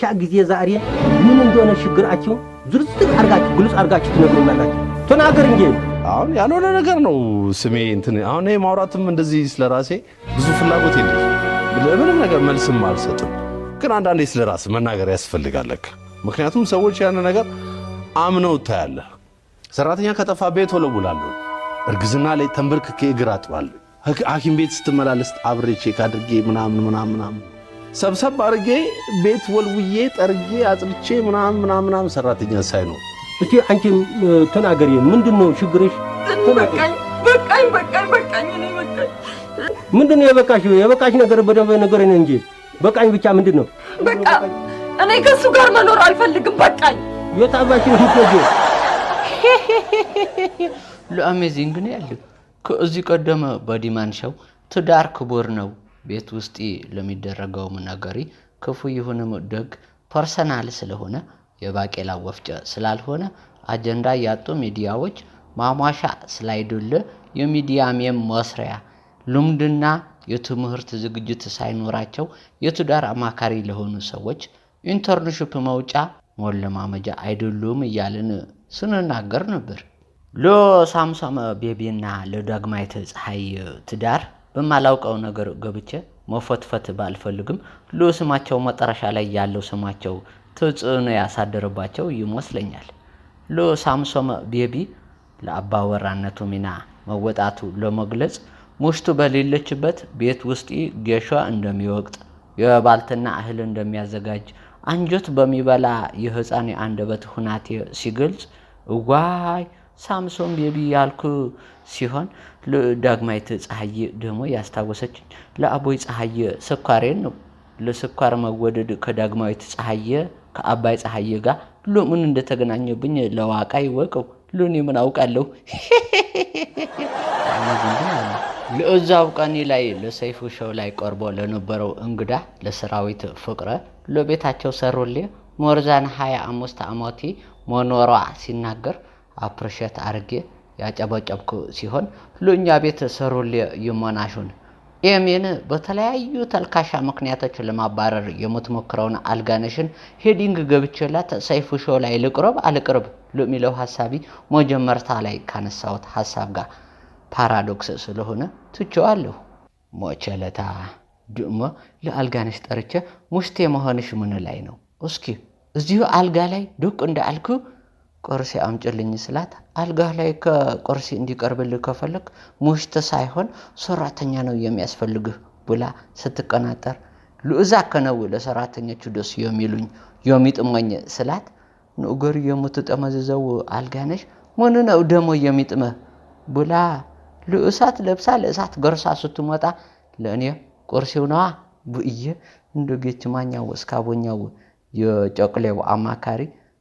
ሻ ጊዜ ዛሬ ምን እንደሆነ ችግራቸው ዝርዝር አርጋችሁ ግልጽ አርጋችሁ ትነግሩናላችሁ። ተናገር እንጂ አሁን ያልሆነ ነገር ነው ስሜ እንትን አሁን ማውራትም እንደዚህ ስለ ራሴ ብዙ ፍላጎት የለም። ለምንም ነገር መልስም አልሰጥም። ግን አንዳንዴ ስለ ራስ መናገር ያስፈልጋለክ። ምክንያቱም ሰዎች ያን ነገር አምነው ታያለ። ሰራተኛ ከጠፋ ቤት ወለውላሉ። እርግዝና ላይ ተንበርክኬ እግር አጥባለሁ፣ ሐኪም ቤት ስትመላለስ አብሬ ቼክ አድርጌ ምናምን ምናምን ምናምን ሰብሰብ አድርጌ ቤት ወልውዬ ጠርጌ አጽድቼ ምናም ምናም ምናም ሰራተኛ ሳይ ነው። እስቲ አንቺ ተናገሪ፣ ምንድን ነው ችግርሽ? በቃኝ በቃኝ በቃኝ በቃኝ ምንድን ነው የበቃሽ? የበቃሽ ነገር በደንብ ነገር ነ እንጂ በቃኝ ብቻ ምንድን ነው? በቃ እኔ ከእሱ ጋር መኖር አልፈልግም። በቃኝ። የታባችን ሂቶጆ ለአሜዚንግ ነው ያለው። ከዚህ ቀደም በዲማን ትዳር ክቡር ነው ቤት ውስጥ ለሚደረገው ነገሪ ክፉ ይሁንም ደግ ፐርሰናል ስለሆነ የባቄላ ወፍጨ ስላልሆነ አጀንዳ ያጡ ሚዲያዎች ማሟሻ ስላይደለ ሜም መስሪያ ልምድና የትምህርት ዝግጅት ሳይኖራቸው የትዳር አማካሪ ለሆኑ ሰዎች ኢንተርንሽፕ መውጫ ሞለማመጃ አይደሉም እያልን ስንናገር ነበር። ለሳምሶም ቤቢና ለዳግማዊት ፀሐይ ትዳር በማላውቀው ነገር ገብቼ መፈትፈት ባልፈልግም ስማቸው መጠረሻ ላይ ያለው ስማቸው ተጽዕኖ ያሳደረባቸው ይመስለኛል። ሳምሶም ቤቢ ለአባወራነቱ ሚና መወጣቱ ለመግለጽ ሙሽቱ በሌለችበት ቤት ውስጥ ጌሾ እንደሚወቅጥ የባልትና እህል እንደሚያዘጋጅ አንጀት በሚበላ የህፃን የአንደበት ሁናቴ ሲገልጽ እዋይ ሳምሶን ቤቢ ያልኩ ሲሆን ዳግማዊት ፀሐዬ ደግሞ ያስታወሰች ለአቦይ ፀሐየ ስኳሬን ነው። ለስኳር መወደድ ከዳግማዊት ፀሐየ ከአባይ ፀሐየ ጋር ሎምን እንደተገናኘብኝ ለዋቃ ይወቀው። ሎኔ ምን አውቃለሁ። ለእዛው ቀኔ ላይ ለሰይፉ ሸው ላይ ቀርቦ ለነበረው እንግዳ ለሰራዊት ፍቅረ ለቤታቸው ሰሩሌ ሞርዛን ሀያ አምስት ዓመቴ መኖሯ ሲናገር አፕሪሼት አድርጌ ያጨበጨብኩ ሲሆን ለእኛ ቤት ሰሩል ይመናሹን ኤሜን በተለያዩ ተልካሻ ምክንያቶች ለማባረር የምትሞክረውን አልጋነሽን ሄዲንግ ገብቼላት ሰይፉ ሾ ላይ ልቅረብ አልቅርብ ለሚለው ሀሳቢ መጀመርታ ላይ ካነሳሁት ሀሳብ ጋር ፓራዶክስ ስለሆነ ትቼዋለሁ። ሞቸለታ ድሞ ለአልጋነሽ ጠርቼ ሙስቴ መሆንሽ ምን ላይ ነው? እስኪ እዚሁ አልጋ ላይ ዱቅ እንዳልኩ ቁርሲ አምጪልኝ ስላት አልጋህ ላይ ከቁርሴ እንዲቀርብልህ ከፈለግ ሙሽት ሳይሆን ሰራተኛ ነው የሚያስፈልግህ ብላ ስትቀናጠር ልእዛ ከነው ለሰራተኞቹ ደስ የሚሉኝ የሚጥመኝ ስላት ንእገሩ የምትጠመዝዘው አልጋነሽ ምኑ ነው ደሞ የሚጥምህ ብላ ልእሳት ለብሳ ለእሳት ገርሳ ስትመጣ ለእኔ ቁርሲው ነዋ ብእየ እንደ ጌችማኛው እስካቦኛው የጨቅሌው አማካሪ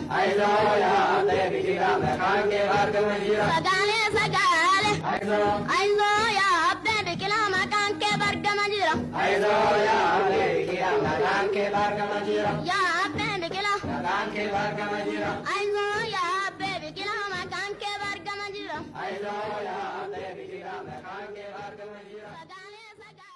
सजाने सजा ऐसो या अपने बिकिला मकान के वर्ग मंजिरा ऐसो या अपने बिकिला मकान के वर्ग मंजिरा या अपने बिकिला मकान के वर्ग मंजिरा ऐसो या अपने बिकिला मकान के वर्ग मंजिरा ऐसो या अपने बिकिला मकान के वर्ग मंजिरा सजाने सजा